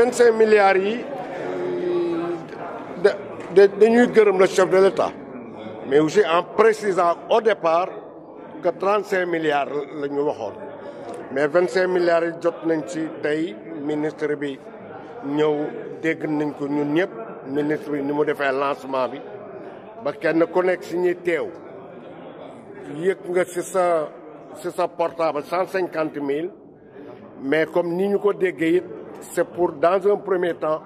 25 milliards de, de, de, le chef de l'État. Mais aussi en précisant au départ que 35 milliards le nous Mais 25 milliards de nous le ministre bi ñew dégg nañ ko ñun ñëpp ministre bi ni mu lancement bi ba kenn ku nekk si ñi teew portable 150 000 mais comme nous ko c'est pour, dans un premier temps,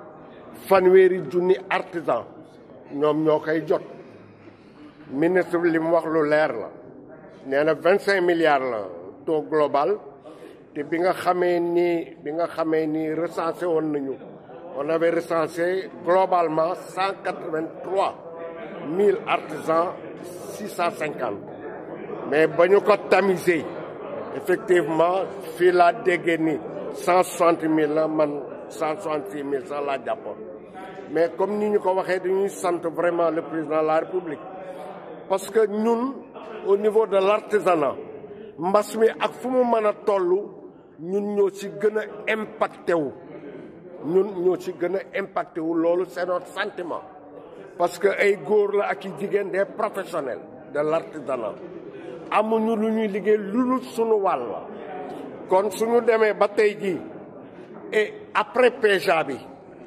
fanweri djouni artisan. Nous sommes Le ministre de l'Imoire Il y a 25 milliards de taux global. Et quand on avait recensé, on avait recensé globalement 183 000 artisans, 650. Mais quand on a tamisé, effectivement, c'est la dégainée. 160 000 ans, man 000 ans, mais comme nous, nous ko vraiment le président de la république parce que nous, au niveau de l'artisanat, nous ak fu mu c'est notre sentiment parce que ay a des professionnels de l'artisanat. Nous sommes tous les gens kon suñu demee ba tey jii et après PEJA bi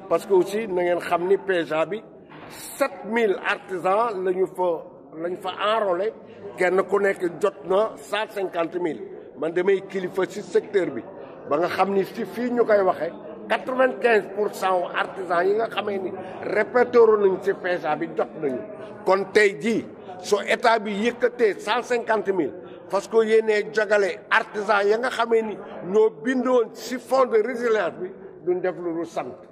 parce que aussi na ngeen xam ni PEJA bi 7000 artisans la ñu fa la ñu fa enrôlé kenn ku nekk jot na 150000 man damay kilifa ci secteur bi ba nga xam ni si fii ñu koy waxee 95 pour cent artisans yi nga xamee ni répertoire nañ ci PEJA bi jot nañu kon tey ji su état bi yëkkatee 150000. parce que yéenee jagale artisan ya nga xamee ni ñoo bindoon si fond de résilience bi duñ def lu sant